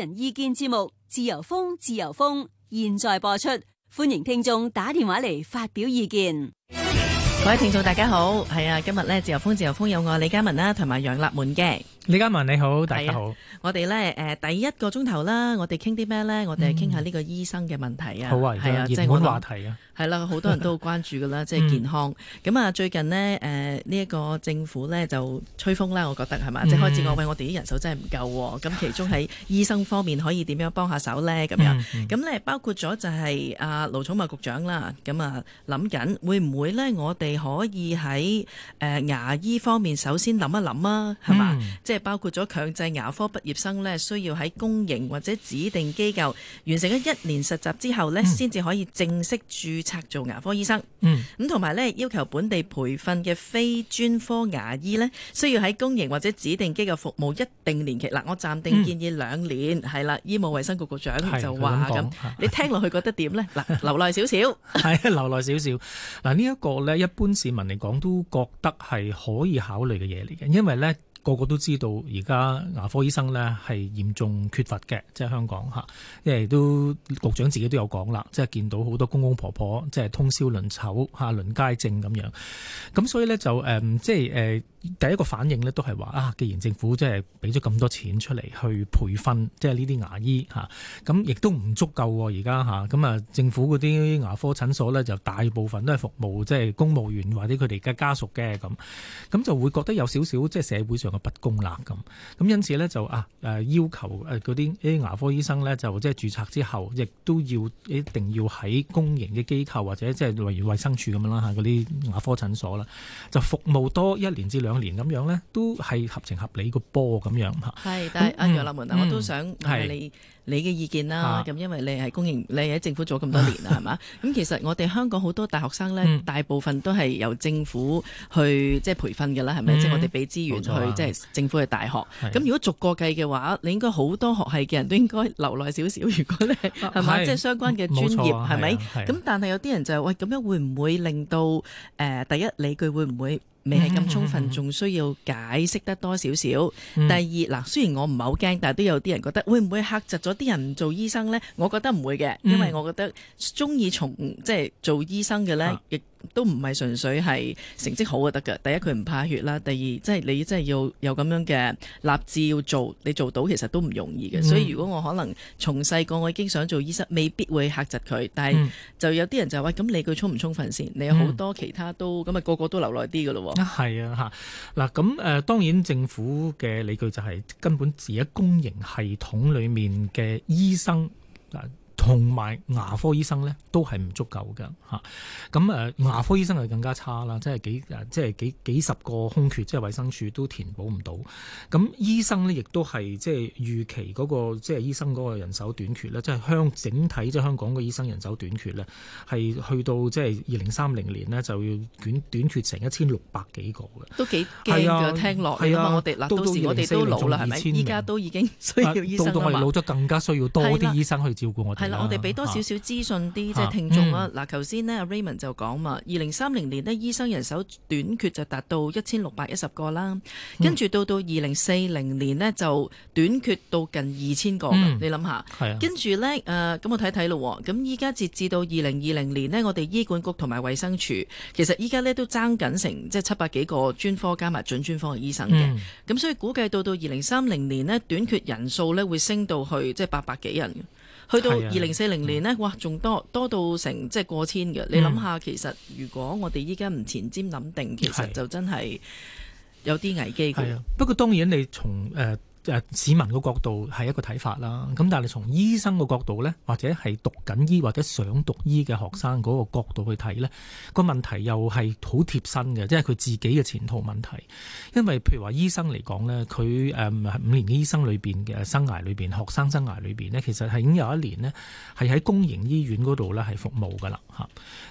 人意見節目《自由風》，自由風現在播出，歡迎聽眾打電話嚟發表意見。各位聽眾，大家好，係啊，今日咧《自由風》，自由風有我李家文啦，同埋楊立門嘅。李家文你好，大家好。啊、我哋咧，誒、呃，第一個鐘頭啦，我哋傾啲咩咧？嗯、我哋傾下呢個醫生嘅問題啊。好、嗯、啊，而家熱門話題啊。係啦、啊，好多人都好關注噶啦， 嗯、即係健康。咁啊，最近呢，誒、呃，呢、這、一個政府咧就吹風啦，我覺得係嘛，即係開始講、嗯、喂，我哋啲人手真係唔夠、啊。咁其中喺醫生方面可以點樣幫下手咧？咁樣咁咧，包括咗就係阿盧寵茂局長啦。咁啊，諗緊會唔會咧？我哋可以喺誒、呃、牙醫方面首先諗一諗啊，係嘛，即係、嗯。包括咗強制牙科畢業生呢，需要喺公營或者指定機構完成一年實習之後呢，先至可以正式註冊做牙科醫生。嗯，咁同埋呢，要求本地培訓嘅非專科牙醫呢，需要喺公營或者指定機構服務一定年期。嗱，我暫定建議兩年係啦、嗯。醫務衛生局局長就話咁，說你聽落去覺得點呢？嗱， 留耐少少，係留耐少少。嗱，呢一個呢，一般市民嚟講都覺得係可以考慮嘅嘢嚟嘅，因為呢。個個都知道，而家牙科醫生呢係嚴重缺乏嘅，即係香港嚇，因為都局長自己都有講啦，即係見到好多公公婆婆即係通宵輪籌嚇，輪街症咁樣，咁所以呢，就、嗯、即係第一個反應咧，都係話啊，既然政府即係俾咗咁多錢出嚟去培訓，即係呢啲牙醫吓，咁、啊、亦都唔足夠喎、啊。而家吓，咁啊，政府嗰啲牙科診所咧，就大部分都係服務即係、就是、公務員或者佢哋嘅家屬嘅咁，咁就會覺得有少少即係社會上嘅不公啦咁。咁因此咧就啊誒、啊、要求誒嗰啲啲牙科醫生咧就即係注冊之後亦都要一定要喺公營嘅機構或者即係例如衛生署咁樣啦吓嗰啲牙科診所啦，就服務多一年之。兩年咁樣咧，都係合情合理個波咁樣吓。係，但係阿楊立文啊，我都想問下你你嘅意見啦。咁，因為你係公營，你喺政府做咁多年啦，係嘛？咁其實我哋香港好多大學生咧，大部分都係由政府去即係培訓噶啦，係咪？即係我哋俾資源去，即係政府嘅大學。咁如果逐個計嘅話，你應該好多學系嘅人都應該留耐少少。如果咧係嘛，即係相關嘅專業係咪？咁但係有啲人就係喂，咁樣會唔會令到誒？第一，理據會唔會？未係咁充分，仲、嗯、需要解釋得多少少。嗯、第二嗱，雖然我唔係好驚，但係都有啲人覺得會唔會嚇窒咗啲人做醫生呢？我覺得唔會嘅，嗯、因為我覺得中意從即係做醫生嘅呢亦。啊都唔係純粹係成績好就得嘅，第一佢唔怕血啦，第二即係你真係要有咁樣嘅立志要做，你做到其實都唔容易嘅。嗯、所以如果我可能從細個我已經想做醫生，未必會嚇窒佢，但係就有啲人就話咁，理據，充唔充分先？你有好多其他都咁啊，嗯、那個個都留耐啲噶咯。係啊，吓嗱咁誒，當然政府嘅理據就係根本自己公營系統裏面嘅醫生。同埋牙科醫生咧都係唔足夠㗎吓，咁、啊、誒牙科醫生係更加差啦，即係幾即係幾幾十個空缺，即係衞生署都填補唔到。咁醫生咧，亦都係即係預期嗰、嗰個即係醫生嗰個人手短缺咧，即係香整體即係香港嘅醫生人手短缺咧，係去到即係二零三零年咧就要短短缺成一千六百幾個嘅，都幾驚嘅聽落啊！啊我哋到時我哋都老啦，係咪？依家都已經需要醫生啦，到、啊、到我哋老咗，更加需要多啲醫生去照顧我哋。嗱，我哋俾多少少資訊啲即係聽眾啊！嗱、啊，頭、啊、先、嗯、呢阿 Raymond 就講嘛，二零三零年呢，醫生人手短缺就達到一千六百一十個啦，嗯、跟住到到二零四零年呢，就短缺到近二千個。嗯、你諗下，嗯啊、跟住呢，誒、呃、咁我睇睇咯。咁依家截至到二零二零年呢，我哋醫管局同埋衛生署其實依家呢都爭緊成即係七百幾個專科加埋準專科嘅醫生嘅。咁、嗯、所以估計到到二零三零年呢，短缺人數呢會升到去即係八百幾人。去到二零四零年呢，啊、哇，仲多多到成即係過千嘅。嗯、你諗下，其實如果我哋依家唔前瞻諗定，其實就真係有啲危機嘅、啊啊。不過當然你從，誒、呃。誒市民嘅角度係一個睇法啦，咁但係你從醫生嘅角度呢，或者係讀緊醫或者想讀醫嘅學生嗰個角度去睇呢，個問題又係好貼身嘅，即係佢自己嘅前途問題。因為譬如話醫生嚟講呢，佢誒五年嘅醫生裏邊嘅生涯裏邊，學生生涯裏邊呢，其實係已經有一年呢，係喺公營醫院嗰度呢，係服務㗎喇。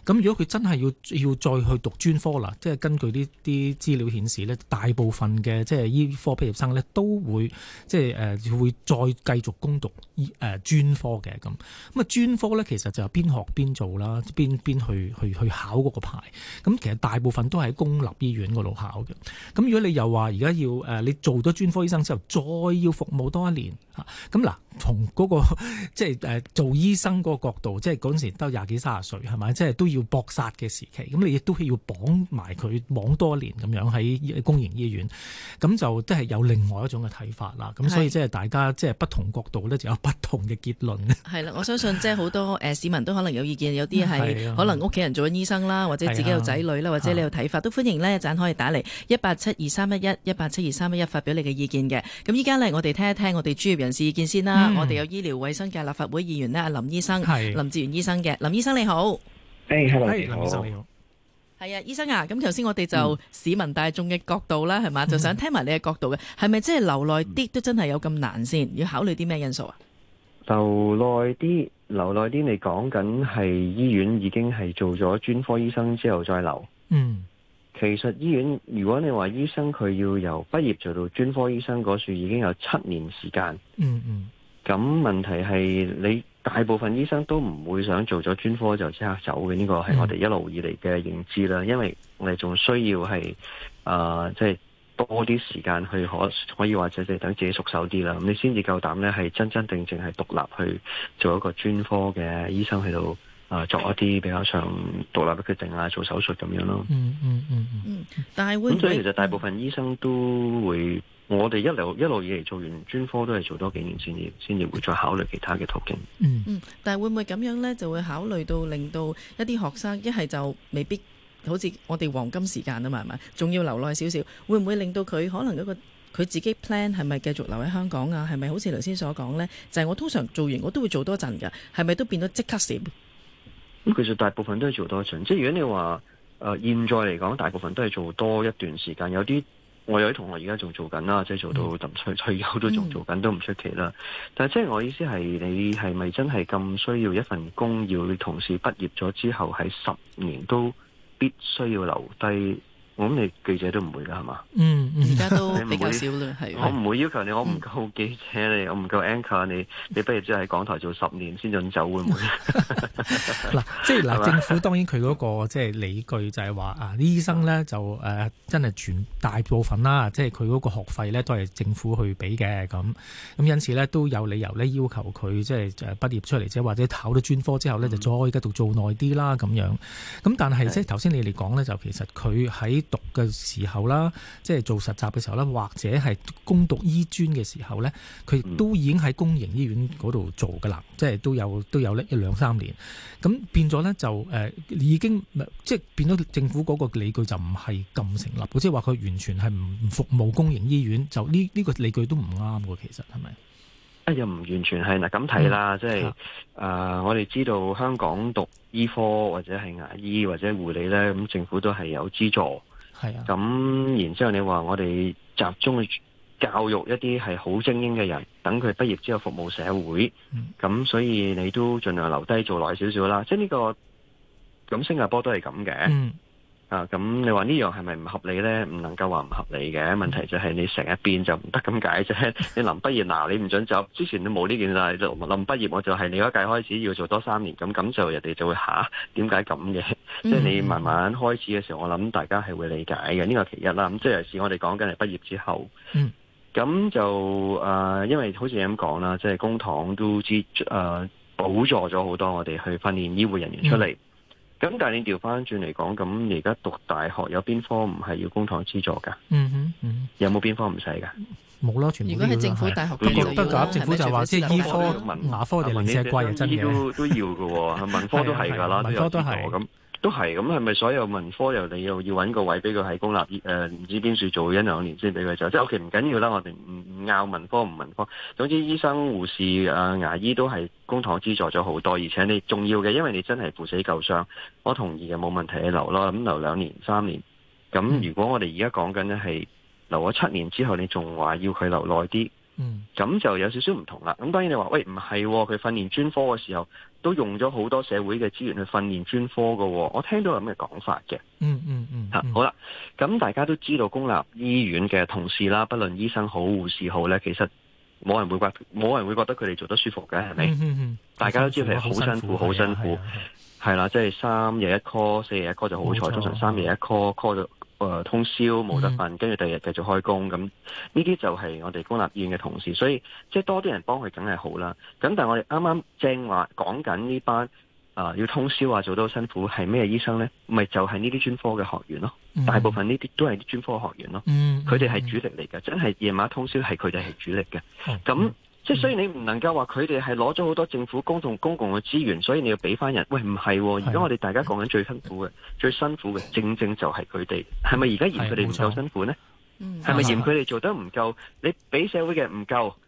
咁如果佢真係要要再去讀專科啦，即係根據呢啲資料顯示咧，大部分嘅即係醫科畢業生咧都會即係誒會再繼續攻讀誒專科嘅咁。咁啊專科咧其實就係邊學邊做啦，邊邊去去去考嗰個牌。咁其實大部分都係喺公立醫院嗰度考嘅。咁如果你又話而家要誒你做咗專科醫生之後，再要服務多一年吓，咁嗱，從嗰、那個即係誒做醫生嗰個角度，即係嗰陣時都廿幾卅歲啊。同埋即係都要搏殺嘅時期，咁你亦都要綁埋佢綁多年咁樣喺公營醫院，咁就即係有另外一種嘅睇法啦。咁所以即係大家即係不同角度呢，就有不同嘅結論。係啦，我相信即係好多市民都可能有意見，有啲係可能屋企人做緊醫生啦，或者自己有仔女啦，或者你有睇法，都歡迎呢一陣可以打嚟一八七二三一一一八七二三一一發表你嘅意見嘅。咁依家呢我哋聽一聽我哋專業人士意見先啦。嗯、我哋有醫療衛生嘅立法會議員呢，阿林醫生，的林哲玄醫生嘅，林醫生你好。誒，係你好，係啊，醫生啊，咁頭先我哋就市民大眾嘅角度啦，係嘛、嗯，就想聽埋你嘅角度嘅，係咪即係留耐啲都真係有咁難先？要考慮啲咩因素啊？留耐啲，留耐啲，你講緊係醫院已經係做咗專科醫生之後再留，嗯，其實醫院如果你話醫生佢要由畢業做到專科醫生嗰時已經有七年時間，嗯嗯，咁問題係你。大部分醫生都唔會想做咗專科就即刻走嘅，呢、這個係我哋一路以嚟嘅認知啦。嗯、因為我哋仲需要係啊，即、呃、係、就是、多啲時間去可可以或者即係等自己熟手啲啦。咁你先至夠膽咧，係真真正正係獨立去做一個專科嘅醫生，去到啊作一啲比較上獨立嘅決定啊，做手術咁樣咯、嗯。嗯嗯嗯嗯，嗯但係咁，所以其實大部分醫生都會。我哋一路一路以嚟做完專科都係做多幾年先至，先至會再考慮其他嘅途徑。嗯嗯，但係會唔會咁樣呢？就會考慮到令到一啲學生一係就未必好似我哋黃金時間啊嘛，係咪？仲要留耐少少，會唔會令到佢可能嗰、那個佢自己 plan 係咪繼續留喺香港啊？係咪好似頭先所講呢？就係、是、我通常做完我都會做多陣㗎，係咪都變到即刻閃？嗯嗯、其實大部分都係做多陣，即係如果你話誒、呃、現在嚟講，大部分都係做多一段時間，有啲。我有啲同學而家仲做緊啦，即係做到臨退休都仲做緊，都唔出奇啦。但即係我意思係，你係咪真係咁需要一份工，要你同事畢業咗之後喺十年都必須要留低？我諗你記者都唔會㗎，係嘛？嗯，而家都比較少啦，係。我唔會要求你，我唔夠記者你，我唔夠 anchor 你，你不如即係喺港台做十年先準走，會唔會？嗱，即係嗱，政府當然佢嗰個即係理據就係話啊，啲醫生咧就誒真係全大部分啦，即係佢嗰個學費咧都係政府去俾嘅咁，咁因此咧都有理由咧要求佢即係畢業出嚟者或者考到專科之後咧就再喺度做耐啲啦咁樣。咁但係即係頭先你嚟講咧，就其實佢喺讀嘅時候啦，即係做實習嘅時候啦，或者係攻讀醫專嘅時候呢，佢都已經喺公營醫院嗰度做噶啦，即係都有都有呢一兩三年。咁變咗呢，就誒，已經即係變咗政府嗰個理據就唔係咁成立，即係話佢完全係唔服務公營醫院，就呢呢個理據都唔啱嘅。其實係咪？又唔、哎、完全係嗱，咁睇啦，即係誒，我哋知道香港讀醫科或者係牙醫或者護理呢，咁政府都係有資助。係啊，咁然之後你話我哋集中去教育一啲係好精英嘅人，等佢畢業之後服務社會，咁所以你都盡量留低做耐少少啦。即係、這、呢個咁新加坡都係咁嘅。嗯啊，咁你話呢樣係咪唔合理咧？唔能夠話唔合理嘅，問題就係你成一邊就唔得咁解啫。你臨畢業嗱，你唔准走，之前都冇呢件事，就臨畢業我就係你嗰屆開始要做多三年，咁咁就人哋就會下點解咁嘅？啊嗯、即係你慢慢開始嘅時候，我諗大家係會理解嘅，呢個其一啦。咁即係尤其我哋講緊係畢業之後，咁、嗯、就誒、呃，因為好似咁講啦，即、就、係、是、公帑都知誒，補、呃、助咗好多我哋去訓練醫護人員出嚟。嗯咁但係你調翻轉嚟講，咁而家讀大學有邊科唔係要公帑資助噶？嗯哼，有冇邊科唔使噶？冇咯，全部。如果你政府大學，都覺得唔政府就話即係醫科、牙科定還是怪係真嘅，都都要噶。文科都係噶啦，文科都係咁。都係，咁係咪所有文科又你又要揾個位俾佢喺公立？誒、呃，唔知邊處做一兩年先俾佢走，即係 OK 唔緊要啦。我哋唔拗文科唔文科，總之醫生、護士、啊牙醫都係公帑資助咗好多，而且你重要嘅，因為你真係負死救傷。我同意嘅，冇問題你留咯，咁、嗯、留兩年、三年。咁如果我哋而家講緊呢係留咗七年之後，你仲話要佢留耐啲，咁就有少少唔同啦。咁當然你話喂唔係，佢訓練專科嘅時候。都用咗好多社會嘅資源去訓練專科嘅、哦，我聽到有咁嘅講法嘅、嗯。嗯嗯嗯。啊、好啦，咁、嗯、大家都知道公立醫院嘅同事啦，不論醫生好、護士好咧，其實冇人會話，冇人會覺得佢哋做得舒服嘅，係咪？大家都知係好辛苦，好、嗯嗯嗯、辛苦。係啦，即係三夜一 call，四夜一 call 就好彩，通常三夜錯一 call，call 誒，通宵冇得瞓，跟住第二日繼續開工，咁呢啲就係我哋公立醫院嘅同事，所以即係多啲人幫佢梗係好啦。咁但係我哋啱啱正話講緊呢班啊、呃，要通宵啊，做到好辛苦係咩醫生呢？咪就係呢啲專科嘅學員咯，嗯、大部分呢啲都係啲專科學員咯，佢哋係主力嚟嘅，真係夜晚通宵係佢哋係主力嘅，咁、嗯。那嗯即係雖然你唔能夠話佢哋係攞咗好多政府公眾公共嘅資源，所以你要俾翻人。喂，唔係、啊，而家我哋大家講緊最辛苦嘅、是的最辛苦嘅，是的正正就係佢哋。係咪而家嫌佢哋唔夠辛苦呢？係咪嫌佢哋做得唔夠？嗯、的你俾社會嘅唔夠？是是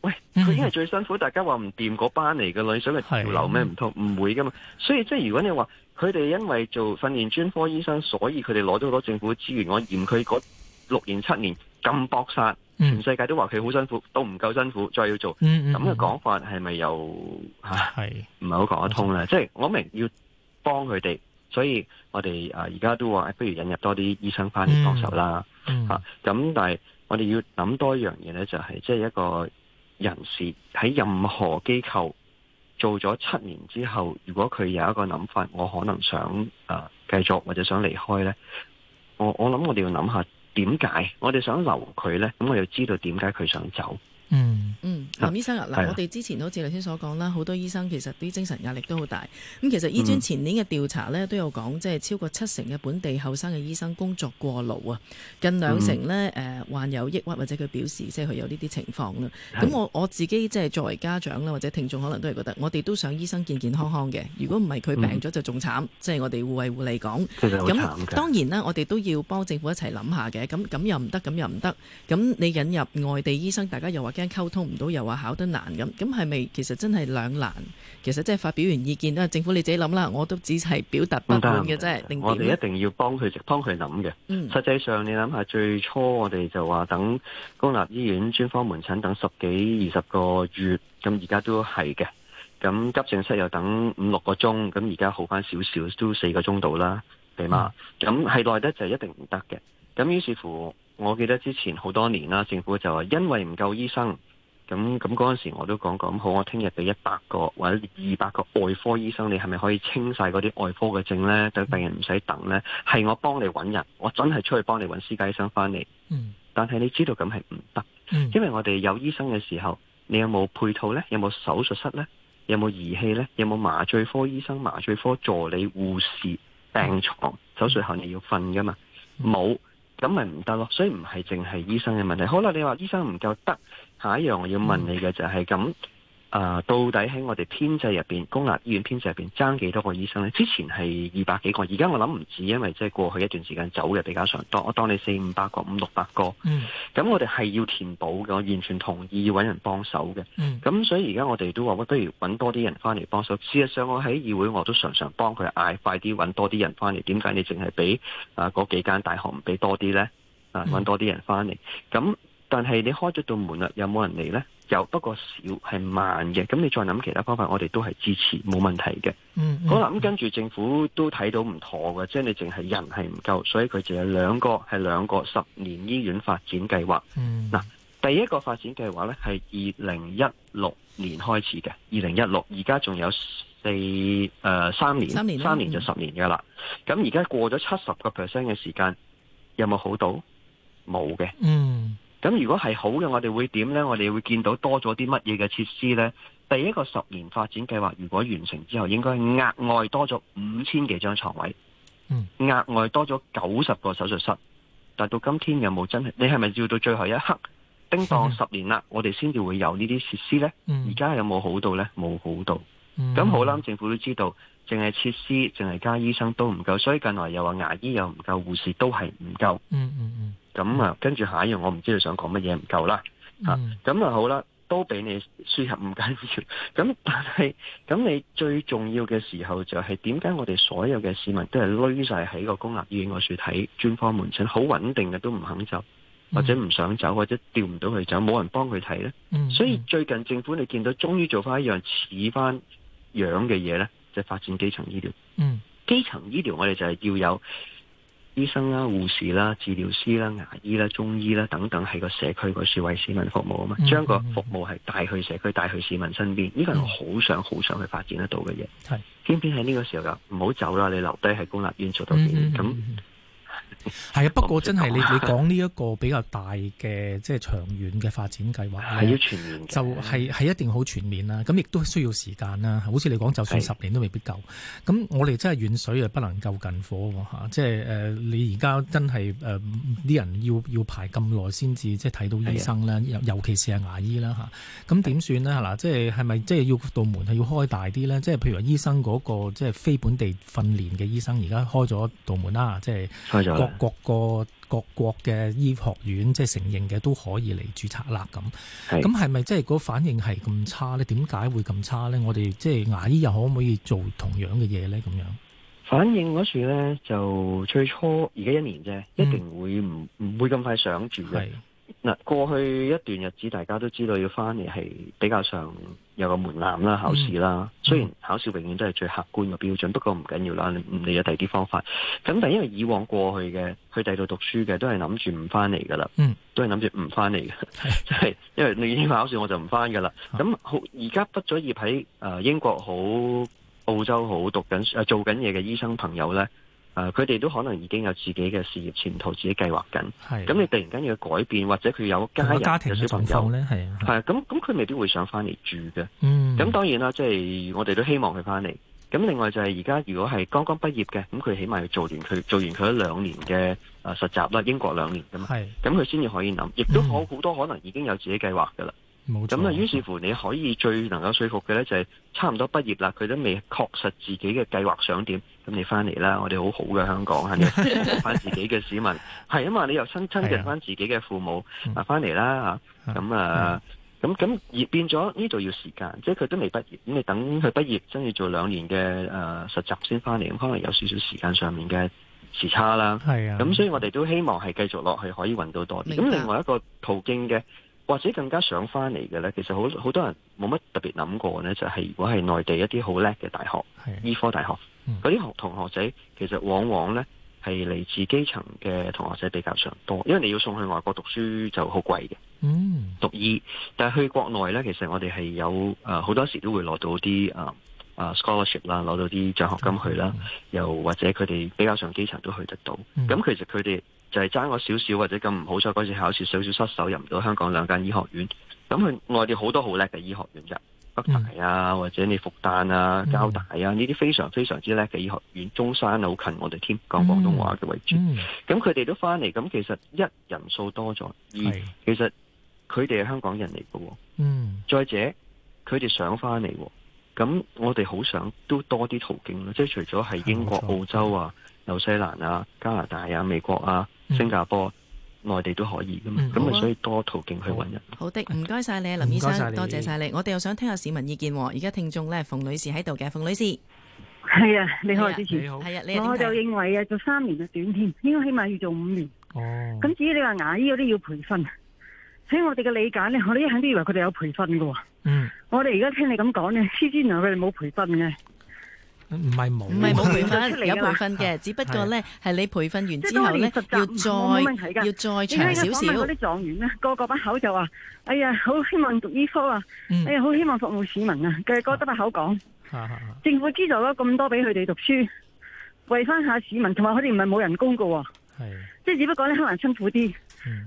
喂，佢已經係最辛苦， 大家話唔掂嗰班嚟嘅女，想佢流咩唔通？唔的會噶嘛。所以即係如果你話佢哋因為做訓練專科醫生，所以佢哋攞咗好多政府資源，我嫌佢嗰六年七年咁搏殺。嗯、全世界都話佢好辛苦，都唔夠辛苦，再要做。咁嘅講法係咪又係唔係好講得通咧？即係、嗯、我明要幫佢哋，所以我哋誒而家都話不如引入多啲醫生翻嚟幫手啦。吓咁、嗯嗯啊，但係我哋要諗多一樣嘢咧，就係即係一個人士喺任何機構做咗七年之後，如果佢有一個諗法，我可能想誒繼、呃、續或者想離開咧，我我諗我哋要諗下。點解我哋想留佢咧？咁我又知道點解佢想走。嗯嗯，嗯林醫生啊，嗱啦，啊、我哋之前好似頭先所講啦，好多醫生其實啲精神壓力都好大。咁其實醫專前年嘅調查呢、嗯、都有講即係超過七成嘅本地後生嘅醫生工作過勞啊，近兩成呢誒、嗯呃、患有抑鬱或者佢表示即係佢有呢啲情況啦。咁、嗯、我我自己即係作為家長啦，或者聽眾可能都係覺得，我哋都想醫生健健康康嘅。如果唔係佢病咗就仲慘，嗯、即係我哋護衞護理講。其實好慘嘅。咁當然啦，我哋都要幫政府一齊諗下嘅。咁咁又唔得，咁又唔得。咁你引入外地醫生，大家又話溝通唔到，又話考得難咁，咁係咪其實真係兩難？其實即係發表完意見啦、啊，政府你自己諗啦，我都只係表達不滿嘅啫，令我哋一定要幫佢，幫佢諗嘅。嗯、實際上你諗下，最初我哋就話等公立醫院專科門診等十幾二十個月，咁而家都係嘅。咁急症室又等五六個鐘，咁而家好返少少，都四個鐘度啦，係咪。咁係耐得就一定唔得嘅。咁於是乎。我記得之前好多年啦、啊，政府就話因為唔夠醫生，咁咁嗰陣時我都講過，咁好，我聽日俾一百個或者二百個外科醫生，你係咪可以清晒嗰啲外科嘅症呢？對病人唔使等呢？係我幫你揾人，我真係出去幫你揾私家醫生返嚟。但係你知道咁係唔得，因為我哋有醫生嘅時候，你有冇配套呢？有冇手術室呢？有冇儀器呢？有冇麻醉科醫生、麻醉科助理、護士、病床？手術後你要瞓噶嘛？冇。咁咪唔得咯，所以唔係淨係醫生嘅問題。好啦，你話醫生唔夠得，下一樣我要問你嘅就係、是、咁。嗯啊，到底喺我哋編制入面，公立醫院編制入面爭幾多個醫生呢？之前係二百幾個，而家我諗唔止，因為即係過去一段時間走嘅比較常多，我當，當你四五百個、五六百個。嗯，咁我哋係要填補嘅，我完全同意搵人幫手嘅。嗯，咁所以而家我哋都話，不如搵多啲人翻嚟幫手。事實上，我喺議會我都常常幫佢嗌，快啲揾多啲人翻嚟。點解你淨係畀啊嗰幾間大學唔畀多啲呢？搵、啊、揾多啲人翻嚟。咁、嗯，但係你開咗道門啦，有冇人嚟呢？有不過少係慢嘅，咁你再諗其他方法，我哋都係支持冇問題嘅、嗯。嗯，好啦，咁跟住政府都睇到唔妥嘅，即係你淨係人係唔夠，所以佢就有兩個係兩個十年醫院發展計劃。嗯，嗱，第一個發展計劃咧係二零一六年開始嘅，二零一六而家仲有四誒、呃、三年三年三年就十年噶啦。咁而家過咗七十個 percent 嘅時間，有冇好到？冇嘅。嗯。咁如果係好嘅，我哋會點呢？我哋會見到多咗啲乜嘢嘅設施呢？第一個十年發展計劃如果完成之後，應該額外多咗五千幾張床位，嗯、額外多咗九十個手術室。但到今天有冇真係？你係咪要到最後一刻叮當十年啦？我哋先至會有呢啲設施呢？而家、嗯、有冇好到呢？冇好到。咁、嗯、好啦，政府都知道，淨係設施，淨係加醫生都唔夠，所以近來又話牙醫又唔夠，護士都係唔夠。嗯嗯嗯。咁啊，跟住下一樣，我唔知道你想講乜嘢，唔夠啦。吓，咁啊好啦，都俾你輸入唔緊要。咁但係，咁你最重要嘅時候就係、是，點解我哋所有嘅市民都係累晒喺個公立醫院嗰處睇專科門診，好穩定嘅都唔肯走，嗯、或者唔想走，或者調唔到佢走，冇人幫佢睇呢、嗯嗯、所以最近政府你見到，終於做翻一樣似翻樣嘅嘢呢，就是、發展基層醫療。嗯，基層醫療我哋就係要有。醫生啦、啊、護士啦、啊、治療師啦、啊、牙醫啦、啊、中醫啦、啊、等等，喺個社區嗰時為市民服務啊嘛，將個、嗯、服務係帶去社區、帶去市民身邊，呢個我好想、好想去發展得到嘅嘢。係是，偏偏喺呢個時候就唔好走啦，你留低喺公立醫院做到先咁。嗯嗯嗯嗯嗯係啊， 不過真係 你你講呢一個比較大嘅即係長遠嘅發展計劃，係 要全面，就係、是、係一定好全面啦。咁亦都需要時間啦。好似你講，就算十年都未必夠。咁的我哋真係遠水啊不能夠近火吓，即係誒你而家真係誒啲人要要排咁耐先至即係睇到醫生啦，的尤其是係牙醫啦吓。咁點算呢？嗱，即係係咪即係要道門係要開大啲咧？即、就、係、是、譬如醫生嗰、那個即係、就是、非本地訓練嘅醫生，而家開咗道門啦，即係開咗。各個各國嘅醫學院即係承認嘅都可以嚟註冊啦，咁咁係咪即係個反應係咁差咧？點解會咁差咧？我哋即係牙醫又可唔可以做同樣嘅嘢咧？咁樣反應嗰時咧就最初而家一年啫，嗯、一定會唔唔會咁快想住嘅？嗱的，過去一段日子大家都知道要翻嚟係比較上。有個門檻啦，考試啦，雖然考試永遠都係最客觀嘅標準，嗯嗯、不過唔緊要啦，你有第二啲方法。咁但係因為以往過去嘅，去第二度讀書嘅都係諗住唔翻嚟噶啦，嗯，都係諗住唔翻嚟嘅，係 因為你已經考試我就唔翻噶啦。咁好，而家畢咗業喺誒、呃、英國好、澳洲好讀緊誒、呃、做緊嘢嘅醫生朋友呢。啊！佢哋、呃、都可能已經有自己嘅事業前途，自己計劃緊。係咁的，你突然間要改變，或者佢有家人嘅小朋友咧，係啊的，係啊的，咁咁佢未必會想翻嚟住嘅。嗯，咁當然啦，即係我哋都希望佢翻嚟。咁另外就係而家如果係剛剛畢業嘅，咁佢起碼要做完佢做完佢一兩年嘅啊實習啦，英國兩年咁，嘛。係咁的，佢先至可以諗，亦都好好、嗯、多可能已經有自己計劃噶啦。冇錯，咁啊，於是乎你可以最能夠說服嘅咧，就係差唔多畢業啦，佢都未確實自己嘅計劃想點。咁你翻嚟啦，我哋好好嘅香港，係翻 自己嘅市民，係啊 嘛，你又親親近翻自己嘅父母，啊翻嚟啦吓咁啊，咁咁而變咗呢度要時間，即係佢都未畢業，咁你等佢畢業，真要做兩年嘅誒、呃、實習先翻嚟，咁可能有少少時間上面嘅時差啦，係啊，咁所以我哋都希望係繼續落去可以搵到多啲，咁另外一個途徑嘅。或者更加想翻嚟嘅咧，其實好好多人冇乜特別諗過呢，就係、是、如果係內地一啲好叻嘅大學，的醫科大學嗰啲、嗯、同學仔，其實往往呢係嚟自基層嘅同學仔比較上多，因為你要送去外國讀書就好貴嘅。嗯，讀醫但係去國內呢，其實我哋係有誒好、呃、多時都會攞到啲、呃、啊啊 scholarship 啦，攞到啲獎學金去啦，嗯、又或者佢哋比較上基層都去得到。咁、嗯、其實佢哋，就係爭我少少，或者咁唔好彩嗰次考試少少失手，入唔到香港兩間醫學院。咁佢外地好多好叻嘅醫學院啫，北大啊，或者你復旦啊、交大啊，呢啲、嗯、非常非常之叻嘅醫學院。中山啊、好近我哋添，講廣東話嘅位置。咁佢哋都翻嚟，咁其實一人數多咗，二其實佢哋係香港人嚟嘅喎。嗯，再者佢哋想翻嚟，咁我哋好想都多啲途徑囉。即係除咗係英國、冇錯、澳洲啊、紐西蘭啊、加拿大啊、美國啊。新加坡、內地都可以噶嘛，咁咪、嗯啊、所以多途徑去揾人。好的，唔該晒你啊，林醫生，多謝晒你，你，你。我哋又想聽下市民意見喎，而家聽眾咧，馮女士喺度嘅，馮女士。係啊，你好，主持人、啊、前你好，係啊，你好、啊。我就認為好啊，啊為認為，做三年嘅短添，應該起碼要做五年。哦。咁至於你話牙醫嗰啲要培訓，喺我哋嘅理解咧，我哋一向都以為佢哋有培訓嘅。嗯。我哋而家聽你咁講咧，似乎原來佢哋冇培訓嘅。唔係冇，唔係冇培訓，出嚟，有培訓嘅，只不過咧係你培訓完之後咧，要再要再長少少。你喺香港問嗰啲狀元咧，個個把口就話，哎呀，好希望讀醫科啊！哎呀，好希望服務市民啊！係得個把口講，政府資助咗咁多俾佢哋讀書，為翻下市民，同埋佢哋唔係冇人工噶喎。係，即係只不過咧可能辛苦啲。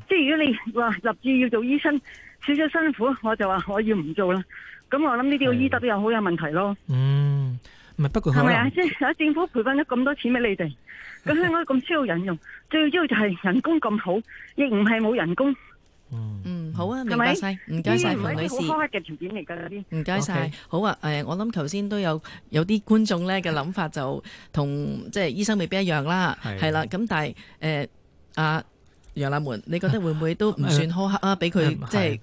即係如果你話立志要做醫生，少少辛苦，我就話我要唔做啦。咁我諗呢啲醫德又好有問題咯。嗯。咪不過係咪啊？即係政府培訓咗咁多錢俾你哋，咁香港咁需要人用，最主要就係人工咁好，亦唔係冇人工。嗯，嗯，好啊，唔該晒，唔該晒，馮女士。唔該晒，好啊。誒，我諗頭先都有有啲觀眾咧嘅諗法就同即係醫生未必一樣啦，係啦。咁但係誒，阿楊立門，你覺得會唔會都唔算苛刻啊？俾佢即係。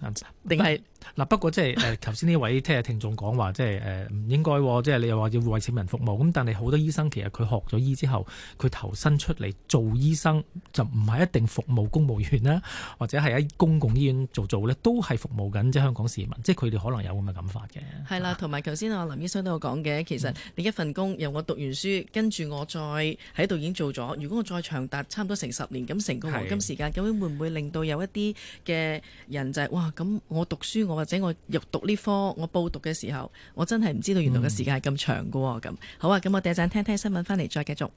定係嗱，不過即係誒，頭先呢位聽聽眾講話、 呃哦，即係誒唔應該，即係你又話要為市民服務。咁但係好多醫生其實佢學咗醫之後，佢投身出嚟做醫生，就唔係一定服務公務員啦，或者係喺公共醫院做做咧，都係服務緊即係香港市民。即係佢哋可能有咁嘅諗法嘅。係啦，同埋頭先阿林醫生都有講嘅，其實你一份工由我讀完書，跟住我再喺度已經做咗。如果我再長達差唔多成十年咁成個黃金時間，咁的會唔會令到有一啲嘅人就係、是、哇咁？那我讀書，我或者我入讀呢科，我報讀嘅時候，我真係唔知道原來嘅時間係咁長嘅咁。嗯、好啊，咁我第一陣聽聽新聞回來，翻嚟再繼續。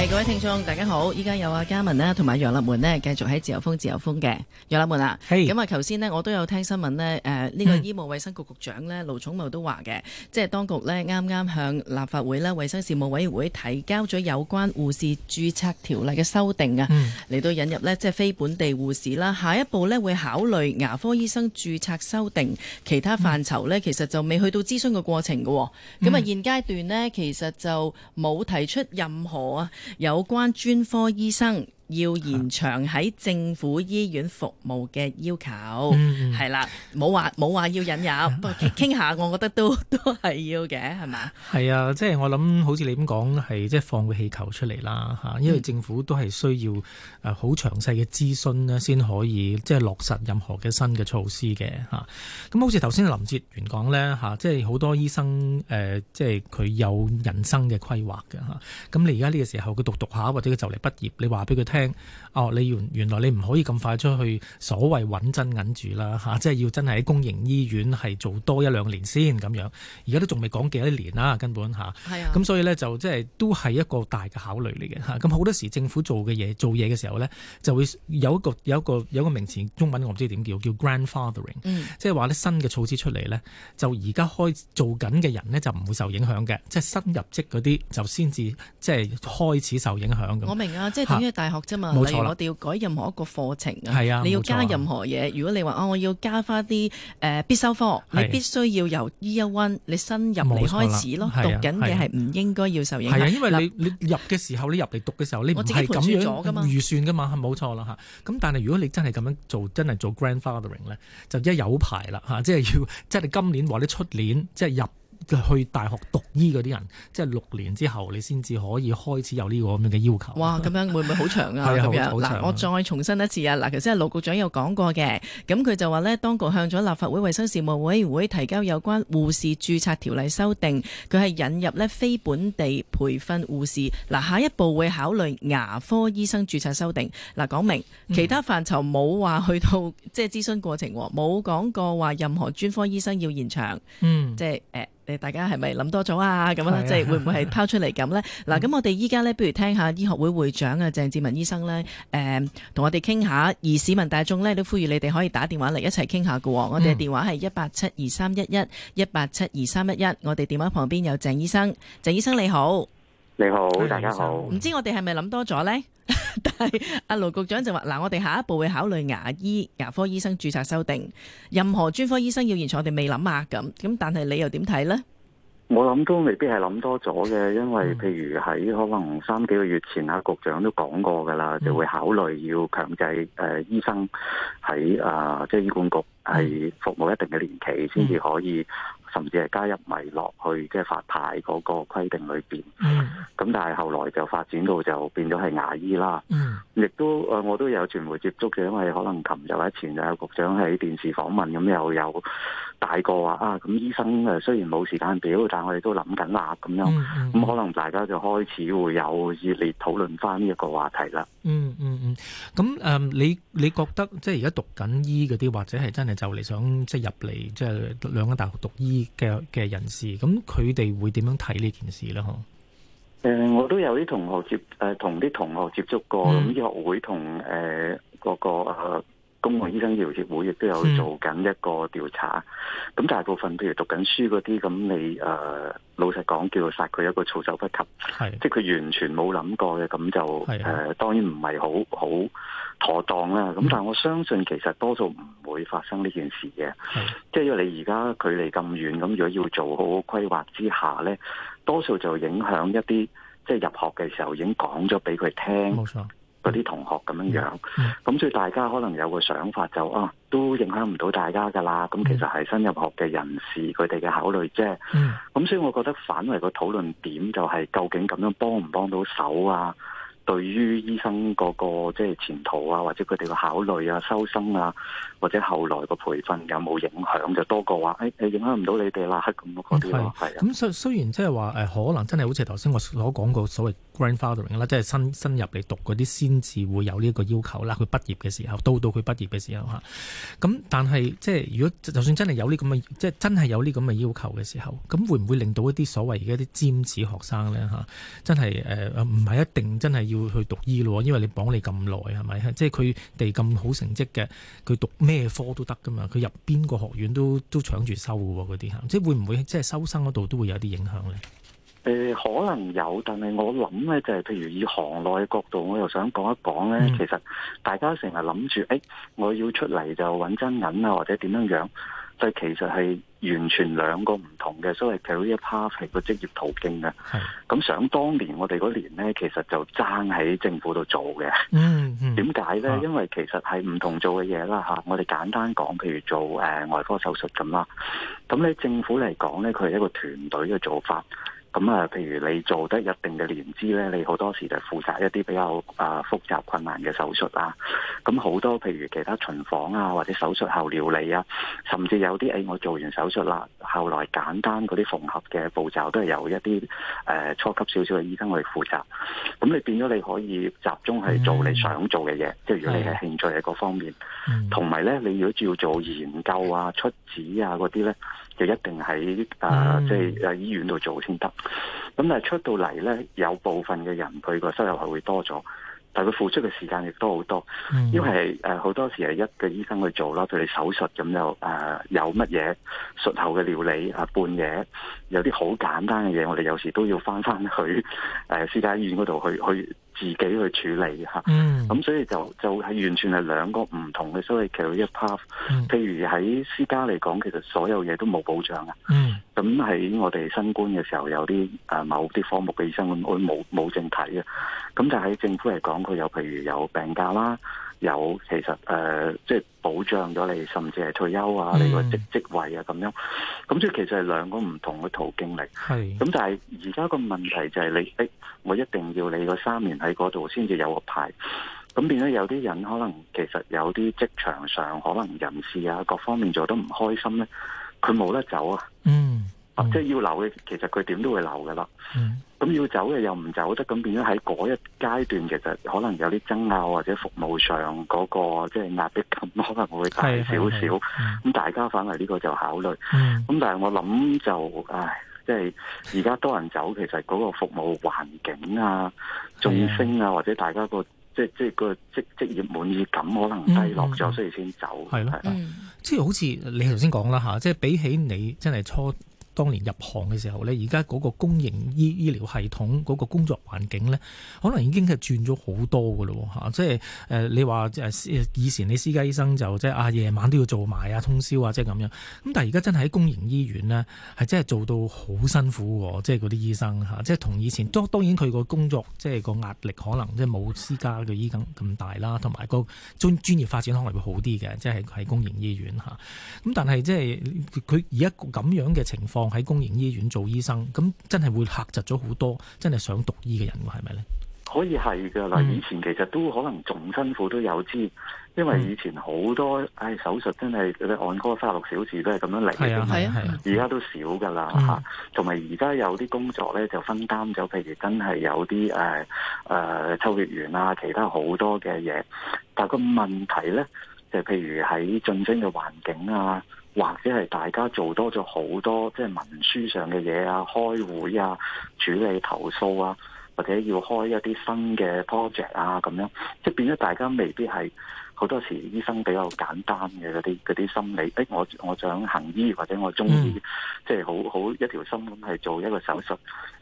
係各位聽眾，大家好！依家有阿嘉文咧，同埋楊立門呢繼續喺自由風自由風嘅楊立門啦。係咁啊！頭先呢我都有聽新聞呢誒，呢、呃這個醫務衛生局局長呢盧寵茂都話嘅，即係當局呢啱啱向立法會呢衛生事務委員會提交咗有關護士註冊條例嘅修訂啊，嚟到，mm. 引入呢即係非本地護士啦。下一步呢會考慮牙科醫生註冊修訂，其他範疇呢其實就未去到諮詢嘅過程嘅。咁啊，現階段咧，其實就冇提出任何啊。有關專科醫生。要延長喺政府醫院服務嘅要求，係啦、嗯，冇話冇話要引入，傾傾、嗯、下，我覺得都、嗯、都係要嘅，係嘛？係啊，即係我諗好似你咁講係即係放個氣球出嚟啦吓，因為政府都係需要誒好詳細嘅諮詢咧，先可以即係落實任何嘅新嘅措施嘅吓，咁好似頭先林哲玄講咧吓，即係好多醫生誒即係佢有人生嘅規劃嘅吓，咁你而家呢個時候，佢讀讀下，或者佢就嚟畢業，你話俾佢聽。哦，你原原來你唔可以咁快出去，所謂揾真銀住啦嚇，即係要真係喺公營醫院係做多一兩年先咁樣。而家都仲未講幾多年啦，根本嚇，係啊。咁所以咧就即係都係一個大嘅考慮嚟嘅嚇。咁好多時政府做嘅嘢做嘢嘅時候咧，就會有一個有一個有一個名詞中文我唔知點叫，叫 grandfathering。嗯。即係話咧新嘅措施出嚟咧，就而家開做緊嘅人咧就唔會受影響嘅，即係新入職嗰啲就先至即係開始受影響咁。我明啊，即係點解大學。啫嘛，我哋要改任何一個課程啊，你要加任何嘢。啊、如果你話哦，我要加翻啲誒必修科，是你必須要由 Year One 你新入嚟開始咯。啊、讀緊嘅係唔應該要受影響。係、啊啊、因為你你入嘅時候，啊、你入嚟讀嘅時候，是啊、你唔係咁樣預算噶嘛，係冇錯啦、啊、嚇。咁但係如果你真係咁樣做，真係做 grandfathering 咧，就一有排啦嚇，即係要即係你今年或者出年即係入。去大學讀醫嗰啲人，即係六年之後，你先至可以開始有呢個咁樣嘅要求。哇，咁樣會唔會好長啊？咁樣我再重申一次啊！嗱，頭先盧局長有講過嘅，咁佢就話呢，當局向咗立法會衞生事務委員會提交有關護士註冊條例修訂，佢係引入呢非本地培訓護士。嗱，下一步會考慮牙科醫生註冊修訂。嗱，講明、嗯、其他範疇冇話去到即係諮詢過程，冇講過話任何專科醫生要延長。嗯，即係大家係咪諗多咗啊？咁是啊，啊，即係會唔會係拋出嚟咁呢？嗱，咁我哋依家呢，不如聽下醫學會會長啊鄭志文醫生呢，誒、呃，同我哋傾下。而市民大眾呢，都呼籲你哋可以打電話嚟一齊傾下噶。我哋嘅電話係一八七二三一一一八七二三一一。11，我哋電話旁邊有鄭醫生，鄭醫生你好，你好，大家好。唔知我哋係咪諗多咗呢？ 但係阿盧局長就話，嗱，我哋下一步會考慮牙醫牙科醫生註冊修訂，任何專科醫生要延長，我哋未諗啊咁。咁但係你又點睇呢？我諗都未必係諗多咗嘅，因為譬如喺可能三幾個月前阿局長都講過噶啦，就會考慮要強制誒醫生喺啊即係醫管局係服務一定嘅年期先至可以。甚至係加入埋落去即係發牌嗰個規定裏面。咁但係後來就發展到就變咗係牙醫啦，亦都我都有傳媒接觸嘅，因為可能琴日或者前日有局長喺電視訪問，咁又有。大個話啊，咁醫生誒雖然冇時間表，但係我哋都諗緊啦，咁樣咁、嗯嗯、可能大家就開始會有熱烈討論翻呢一個話題啦、嗯。嗯嗯嗯，咁誒，你、呃、你覺得即係而家讀緊醫嗰啲，或者係真係就嚟想即係入嚟即係兩間大學讀醫嘅嘅人士，咁佢哋會點樣睇呢件事咧？嗬？誒，我都有啲同學接誒，同、呃、啲同學接觸過，咁醫學、嗯、會同誒嗰個、呃公共醫療醫生協會亦都有做緊一個調查，咁、嗯、大部分譬如讀緊書嗰啲，咁你誒、呃，老實講叫殺佢一個措手不及，的即係佢完全冇諗過嘅，咁就誒的、呃，當然唔係好好妥當啦。咁但我相信其實多數唔會發生呢件事嘅，的即係因為你而家距離咁遠，咁如果要做好規劃之下呢，多數就影響一啲，即係入學嘅時候已經講咗俾佢聽。嗰啲同學咁樣樣，咁所以大家可能有個想法就啊，都影響唔到大家㗎喇。咁其實係新入學嘅人士佢哋嘅考慮啫。咁所以我覺得反為個討論點就係究竟咁樣幫唔幫到手啊？對於醫生、嗰個即係前途啊，或者佢哋嘅考慮啊、收生啊。或者後來個培訓有冇影響，就多過話誒影響唔到你哋啦，咁嗰啲咯。係咁雖然即係話可能真係好似頭先我所講過所謂 grandfathering 啦，即係新新入嚟讀嗰啲先至會有呢個要求啦。佢畢業嘅時候，到到佢畢業嘅時候嚇，咁但係即係如果就算真係有呢咁嘅，即係真係有呢咁嘅要求嘅時候，咁會唔會令到一啲所謂而家啲尖子學生咧嚇，真係誒唔係一定真係要去讀醫咯？因為你綁你咁耐係咪？即係佢哋咁好成績嘅，佢讀咩科都得噶嘛，佢入邊個學院都都搶住收嘅喎，嗰啲吓，即係會唔會即係收生嗰度都會有啲影響咧？誒、呃，可能有，但係我諗咧就係、是，譬如以行內嘅角度，我又想講一講咧，嗯、其實大家成日諗住，誒、哎，我要出嚟就揾真銀啊，或者點樣樣。但其實係完全兩個唔同嘅，所謂 career pathway 嘅職業途徑嘅。咁是想當年我哋嗰年呢，其實就爭喺政府度做嘅。點解、嗯嗯、呢？因為其實係唔同做嘅嘢啦嚇。我哋簡單講，譬如做誒、呃、外科手術咁啦。咁你政府嚟講呢，佢係一個團隊嘅做法。咁啊，譬如你做得一定嘅年資咧，你好多時就負責一啲比較啊複雜困難嘅手術啦、啊。咁好多譬如其他巡房啊，或者手術後料理啊，甚至有啲誒、欸，我做完手術啦，後來簡單嗰啲縫合嘅步驟都係由一啲誒、呃、初級少少嘅醫生去負責。咁你變咗你可以集中去做你想做嘅嘢，的即係如果你嘅興趣係嗰方面，同埋咧，你如果要做研究啊、出紙啊嗰啲咧。就一定喺啊，呃 mm. 即係喺醫院度做先得。咁但係出到嚟，咧，有部分嘅人，佢個收入係會多咗，但係佢付出嘅時間亦都好多。Mm. 因為誒呃、好多時係一個醫生去做啦，佢哋手術咁又誒有乜嘢術後嘅料理啊，呃、半夜，有啲好簡單嘅嘢，我哋有時都要翻翻去誒、呃、私家醫院嗰度去去。去自己去處理，嗯，咁所以就就係完全係兩個唔同嘅所謂 career path，譬如喺私家嚟講，其實所有嘢都冇保障，嗯，咁喺我哋新冠嘅時候有，有啲某啲科目嘅醫生會冇冇症睇嘅。咁就喺政府嚟講，佢有譬如有病假啦。有，其實誒、呃，即係保障咗你，甚至係退休啊，你個職職位啊，咁、嗯、樣，咁即係其實係兩個唔同嘅途徑嚟。係是，咁但係而家個問題就係你，我一定要你個三年喺嗰度先至有個牌，咁變咗有啲人可能其實有啲職場上可能人事啊各方面做得唔開心咧，佢冇得走啊。嗯。嗯、即係要留嘅，其實佢點都會留噶啦。咁、嗯、要走嘅又唔走得，咁變咗喺嗰一階段，其實可能有啲爭拗或者服務上嗰個即係壓迫感，可能會大少少。咁大家反為呢個就考慮。咁、嗯、但係我諗就唉，即係而家多人走，其實嗰個服務環境啊、眾生啊，是或者大家個即個即係即係個職職業滿意感可能低落咗，嗯、所以先走。係咯，即係好似你頭先講啦吓，即係比起你真係初。當年入行嘅時候咧，而家嗰個公營醫醫療系統嗰、那個工作環境咧，可能已經係轉咗好多噶咯吓，即係誒、呃、你話誒以前你私家醫生就即係啊夜晚都要做埋啊通宵啊即係咁樣，咁但係而家真係喺公營醫院咧，係真係做到好辛苦的、啊，即係嗰啲醫生吓、啊，即係同以前當當然佢個工作即係個壓力可能即係冇私家嘅醫咁咁大啦，同埋個專專業發展可能會好啲嘅、啊，即係喺公營醫院吓，咁、啊、但係即係佢而家咁樣嘅情況。喺公營醫院做醫生，咁真係會嚇窒咗好多，真係想讀醫嘅人，係咪咧？可以係噶，嗱，嗯、以前其實都可能仲辛苦都有之，因為以前好多唉手術真係你按科個三十六小時都係咁樣嚟。係啊係啊係啊，而家、啊啊、都少噶啦吓，同埋而家有啲工作咧就分擔咗，譬如真係有啲誒誒抽血員啊，其他好多嘅嘢。但個問題咧，就譬如喺競爭嘅環境啊。或者係大家做多咗好多，即係文書上嘅嘢啊，開會啊，處理投訴啊，或者要開一啲新嘅 project 啊，咁樣即係變咗大家未必係好多時醫生比較簡單嘅嗰啲嗰啲心理，誒，我我想行醫或者我中醫，即係好好一條心咁係做一個手術。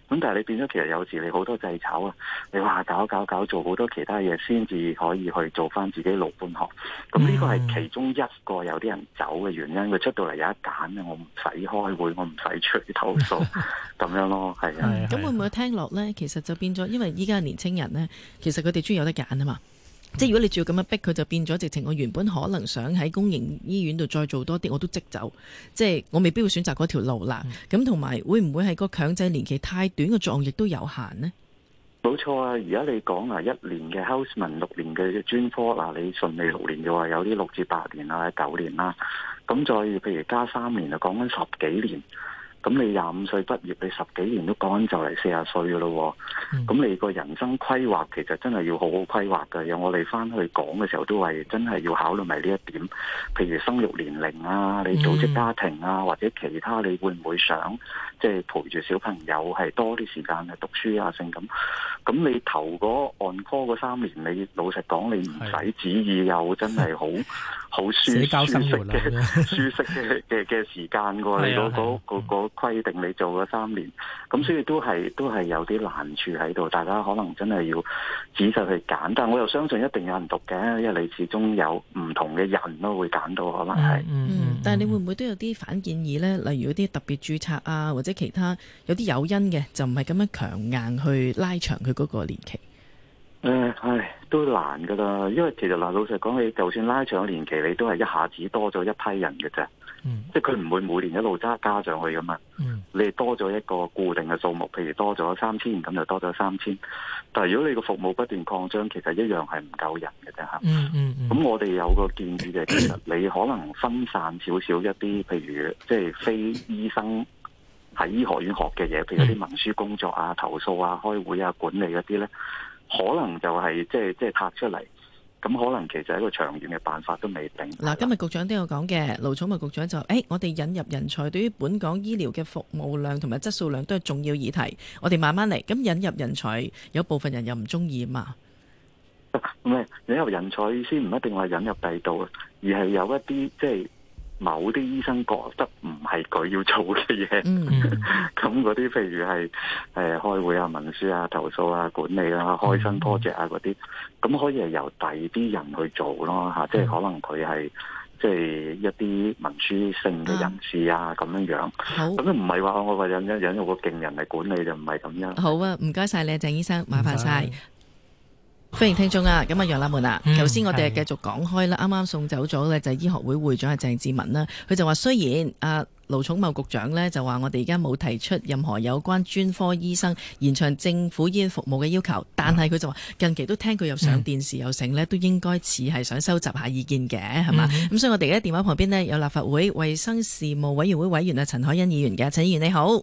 咁但係你變咗其實有時你好多掣肘啊，你話搞搞搞做好多其他嘢先至可以去做翻自己老本行，咁呢個係其中一個有啲人走嘅原因。佢出到嚟有得揀啊，我唔使開會，我唔使出去投訴，咁 樣咯，係啊。咁會唔會聽落咧？其實就變咗，因為依家年青人咧，其實佢哋中意有得揀啊嘛。即係如果你照咁樣逼佢，就變咗直情。我原本可能想喺公營醫院度再做多啲，我都即走。即係我未必會選擇嗰條路啦。咁同埋會唔會係個強制年期太短嘅作用亦都有限呢？冇錯啊！而家你講啊，一年嘅 houseman，六年嘅專科嗱，你順利六年嘅話，有啲六至八年啊，九年啦，咁再譬如加三年，就講緊十幾年。咁你廿五歲畢業，你十幾年都講就嚟四十歲喇咯。咁你個人生規劃其實真係要好好規劃噶。有我哋翻去講嘅時候，都係真係要考慮埋呢一點。譬如生育年齡啊，你組織家庭啊，或者其他你會唔會想即係陪住小朋友係多啲時間去讀書啊？性咁咁你頭嗰 on call 嗰三年，你老實講你唔使旨意又真係好好舒，你教舒適嘅嘅嘅時間喎。規定你做咗三年，咁所以都係都係有啲難處喺度，大家可能真係要仔細去揀。但係我又相信一定有人讀嘅，因為你始終有唔同嘅人都會揀到，可能係、嗯。嗯，嗯嗯但係你會唔會都有啲反建議呢？例如一啲特別注冊啊，或者其他有啲誘因嘅，就唔係咁樣強硬去拉長佢嗰個年期。誒，唉，都難噶啦，因為其實嗱，老實講，你就算拉長個年期，你都係一下子多咗一批人嘅啫。嗯、即係佢唔會每年一路加加上去噶嘛，嗯、你多咗一個固定嘅數目，譬如多咗三千，咁就多咗三千。但係如果你個服務不斷擴張，其實一樣係唔夠人嘅啫吓。咁、嗯嗯嗯、我哋有個建議嘅，其實你可能分散少少一啲，譬如即係非醫生喺醫學院學嘅嘢，譬如啲文書工作啊、投訴啊、開會啊、管理一啲呢，可能就係、是、即係即係拍出嚟。咁可能其實係一個長遠嘅辦法都未定。嗱，今日局長都有講嘅，盧寵茂局長就誒，我哋引入人才對於本港醫療嘅服務量同埋質素量都係重要議題。我哋慢慢嚟。咁引入人才，有部分人又唔中意嘛？唔係引入人才先唔一定話引入第度啊，而係有一啲即係。某啲醫生覺得唔係佢要做嘅嘢，咁嗰啲譬如係誒開會啊、文書啊、投訴啊、管理啊、開新 project 啊嗰啲，咁、嗯嗯、可以係由第二啲人去做咯、嗯、即係可能佢係即係一啲文書性嘅人士啊咁樣樣，咁都唔係話我話引樣樣有個勁人嚟管理就唔係咁樣。好啊，唔該晒你啊，鄭醫生，麻煩晒。謝謝。.歡迎聽眾啊！咁啊，楊立門啊，頭先我哋繼續講開啦。啱啱、嗯、送走咗呢，就係、是、醫學會會長係鄭志文啦。佢就話雖然啊，盧寵茂局、局長呢，就話我哋而家冇提出任何有關專科醫生延長政府醫服務嘅要求，但係佢就話近期都聽佢又上電視又成呢，嗯、都應該似係想收集下意見嘅係嘛？咁、嗯嗯、所以我哋喺電話旁邊呢，有立法會衛生事務委員會委員啊陳凱欣議員嘅，陳議員你好。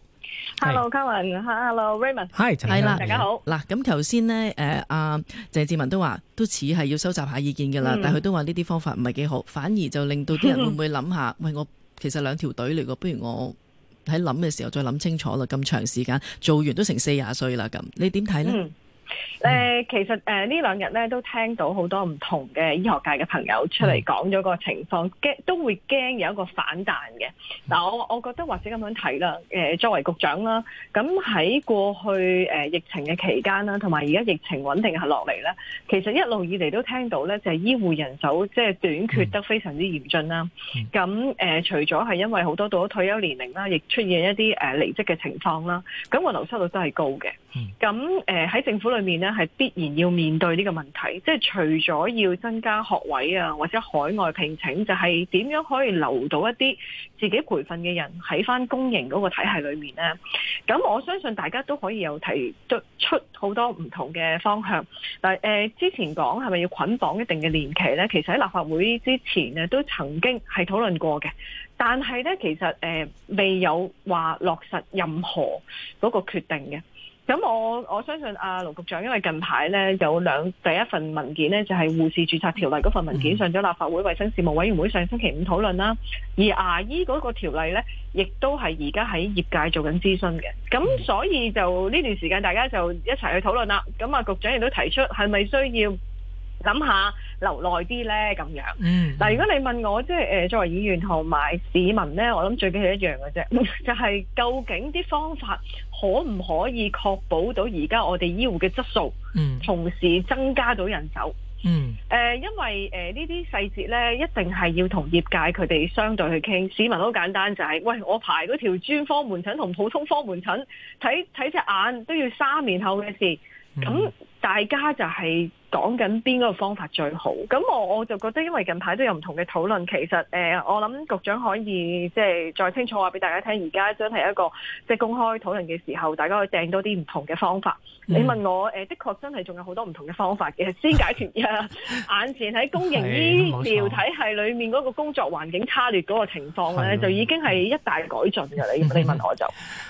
Hello，Kevin，Hello，Raymond，h 係，係啦，mm hmm. 了大家好。嗱、啊，咁頭先呢，誒阿鄭志文都話，都似係要收集下意見㗎喇。嗯、但係佢都話呢啲方法唔係幾好，反而就令到啲人會唔會諗下？ 喂，我其實兩條隊嚟嘅，不如我喺諗嘅時候再諗清楚啦。咁長時間做完都成四十歲啦，咁你點睇呢？嗯誒、嗯呃，其實誒、呃、呢兩日咧都聽到好多唔同嘅醫學界嘅朋友出嚟講咗個情況，驚、嗯、都會驚有一個反彈嘅。嗱，我我覺得或者咁樣睇啦，誒、呃、作為局長啦，咁喺過去誒、呃、疫情嘅期間啦，同埋而家疫情穩定下落嚟咧，其實一路以嚟都聽到咧就係、是、醫護人手即係短缺得非常之嚴峻啦。咁誒、嗯嗯呃、除咗係因為好多到咗退休年齡啦，亦出現一啲誒、呃、離職嘅情況啦，咁個流失率都係高嘅。咁誒喺政府裏面咧係必然要面對呢個問題，即係除咗要增加學位啊，或者海外聘請，就係、是、點樣可以留到一啲自己培訓嘅人喺返公營嗰個體系裏面咧？咁我相信大家都可以有提出好多唔同嘅方向。嗱，誒、呃，之前講係咪要捆綁一定嘅年期咧？其實喺立法會之前咧都曾經係討論過嘅，但係咧其實誒、呃、未有話落實任何嗰個決定嘅。咁我我相信阿、啊、盧局長，因為近排咧有兩第一份文件咧就係、是、護士註冊條例嗰份文件上咗立法會衛生事務委員會上星期五討論啦，而牙醫嗰個條例咧亦都係而家喺業界做緊諮詢嘅，咁所以就呢段時間大家就一齊去討論啦。咁啊局長亦都提出係咪需要？諗下留耐啲呢，咁樣。嗱、mm. 啊，如果你問我，即係誒，作為議員同埋市民呢，我諗最緊係一樣嘅啫， 就係究竟啲方法可唔可以確保到而家我哋醫護嘅質素，mm. 同時增加到人手。嗯、mm. 呃，因為誒呢啲細節呢，一定係要同業界佢哋相對去傾。市民好簡單就係、是，喂，我排嗰條專科門診同普通科門診睇睇隻眼都要三年後嘅事，咁大家就係、是。Mm. 講緊邊個方法最好？咁我我就覺得，因為近排都有唔同嘅討論，其實誒、呃，我諗局長可以即係、呃、再清楚話俾大家聽，而家真係一個即係公開討論嘅時候，大家可以訂多啲唔同嘅方法。你問我誒，的確真係仲有好多唔同嘅方法嘅，先解決 眼前喺公營醫療體係裏面嗰個工作環境差劣嗰個情況咧，是的就已經係一大改進嘅。你 你問我就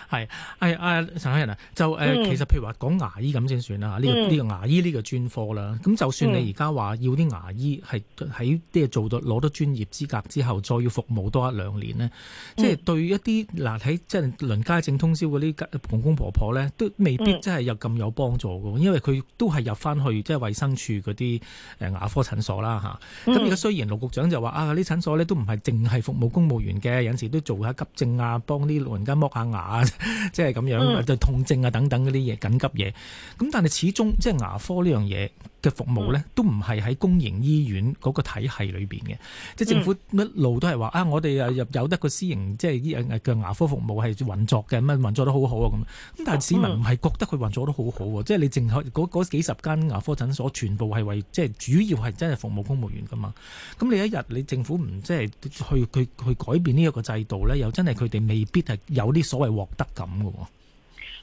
係係阿陳凱欣啊，就誒，呃嗯、其實譬如話講牙醫咁先算啦，呢個呢個牙醫呢、這個專科啦。咁就算你而家話要啲牙醫係喺即係做到攞到專業資格之後，再要服務多一兩年呢？即係、嗯、對一啲嗱喺即係輪街正通宵嗰啲公公婆婆咧，都未必真係有咁有幫助噶，嗯、因為佢都係入翻去即係衛生署嗰啲誒牙科診所啦吓。咁而家雖然盧局長就話啊，呢診所咧都唔係淨係服務公務員嘅，有陣時都做下急症啊，幫啲老人家剝下牙，即係咁樣對、嗯、痛症啊等等嗰啲嘢緊急嘢。咁但係始終即係、就是、牙科呢樣嘢。嘅服務咧，都唔係喺公營醫院嗰個體系裏面嘅，即係政府一路都係話、嗯、啊，我哋又有得個私營即係、就是、醫嘅牙科服務係運作嘅，咁啊運作得好好啊咁。咁但係市民唔係覺得佢運作得好好、啊、喎，即係、嗯、你淨係嗰幾十間牙科診所全部係為即係、就是、主要係真係服務公務員噶嘛。咁你一日你政府唔即係去、去、去改變呢一個制度咧，又真係佢哋未必係有啲所謂獲得感嘅喎。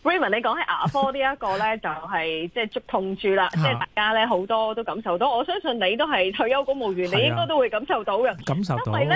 Raymond，你講起牙科呢一個咧，就係即係觸痛住啦，即、就、係、是、大家咧好多都感受到。我相信你都係退休公務員，你應該都會感受到嘅、啊。感受到。因為咧，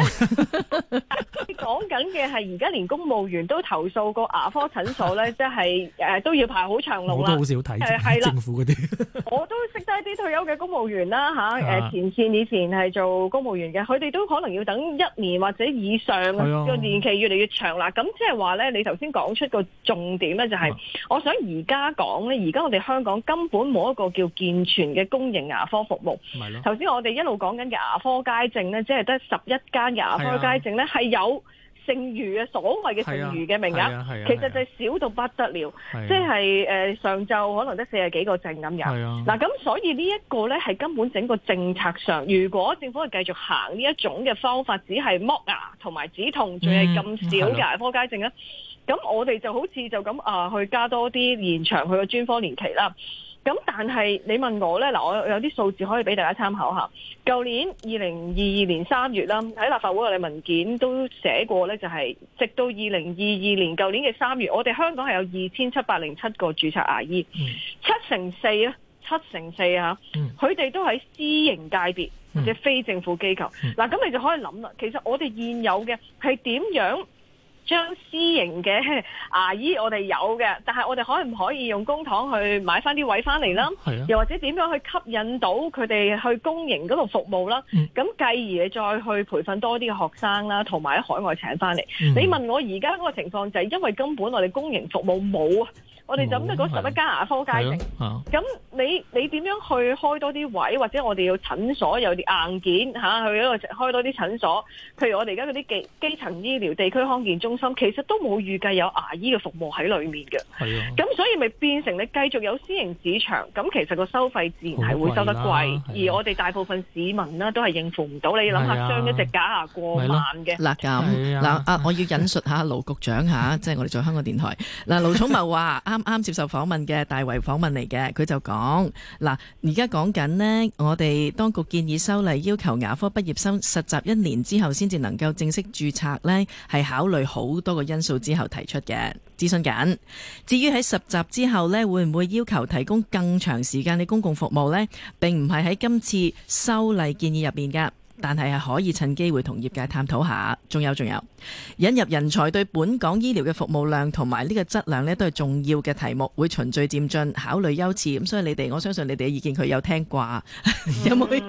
你講緊嘅係而家連公務員都投訴個牙科診所咧，即、就、係、是呃、都要排好長路啦。我都好少睇。係啦，政府嗰啲。我都識得一啲退休嘅公務員啦，吓、呃，啊、前線以前係做公務員嘅，佢哋都可能要等一年或者以上嘅、啊、年期，越嚟越長啦。咁即係話咧，你頭先講出個重點咧、就是，就係。我想而家講呢，而家我哋香港根本冇一個叫健全嘅公營牙科服務。係頭先我哋一路講緊嘅牙科街症，呢只係得十一間牙科街症，呢係的有剩餘嘅所謂嘅剩餘嘅，名額其實就少到不得了，的即係、呃、上晝可能得四十幾個症咁樣。嗱咁的，啊、所以呢一個呢，係根本整個政策上，如果政府係繼續行呢一種嘅方法，只係剝牙同埋止痛，仲係咁少嘅牙科街症。呢咁我哋就好似就咁啊、呃，去加多啲延長佢嘅專科年期啦。咁但係你問我呢，嗱，我有啲數字可以俾大家參考下。舊年二零二二年三月啦，喺立法會我哋文件都寫過呢、就係，就係直到二零二二年舊年嘅三月，我哋香港係有二千七百零七個註冊牙醫，七成四啊，七成四啊，佢哋都喺私營界別或者非政府機構。嗱、嗯，咁、嗯、你就可以諗啦，其實我哋現有嘅係點樣？將私營嘅牙醫，我哋有嘅，但係我哋可唔可以用公帑去買翻啲位翻嚟啦，又或者點樣去吸引到佢哋去公營嗰度服務啦？咁繼而你再去培訓多啲嘅學生啦，同埋喺海外請翻嚟。你問我而家嗰個情況就係因為根本我哋公營服務冇啊。我哋就咁得嗰十一間牙科街症，咁你你點樣去開多啲位，或者我哋要診所有啲硬件去嗰開多啲診所？譬如我哋而家嗰啲基基層醫療地區康健中心，其實都冇預計有牙醫嘅服務喺裏面嘅。咁所以咪變成你繼續有私營市場，咁其實個收費自然係會收得貴，而我哋大部分市民咧都係應付唔到。你諗下，將一隻假牙過萬嘅嗱，咁啊，我要引述下盧局長下，即係我哋在香港電台嗱，盧寵茂話啊。啱啱接受訪問嘅大圍訪問嚟嘅，佢就講：嗱，而家講緊呢，我哋當局建議修例，要求牙科畢業生實習一年之後先至能夠正式註冊呢，係考慮好多個因素之後提出嘅諮詢緊。至於喺實習之後呢，會唔會要求提供更長時間嘅公共服務呢？並唔係喺今次修例建議入面㗎。」但係係可以趁機會同業界探討下，仲、嗯、有仲有引入人才對本港醫療嘅服務量同埋呢個質量呢，都係重要嘅題目，會循序漸進考慮優次。咁所以你哋，我相信你哋嘅意見，佢有聽啩，嗯、 有冇有？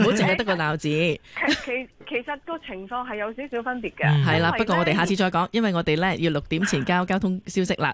唔好淨係得個鬧字。其實其實個情況係有少少分別嘅。係啦、嗯，不過我哋下次再講，因為我哋咧要六點前交交通消息啦。啊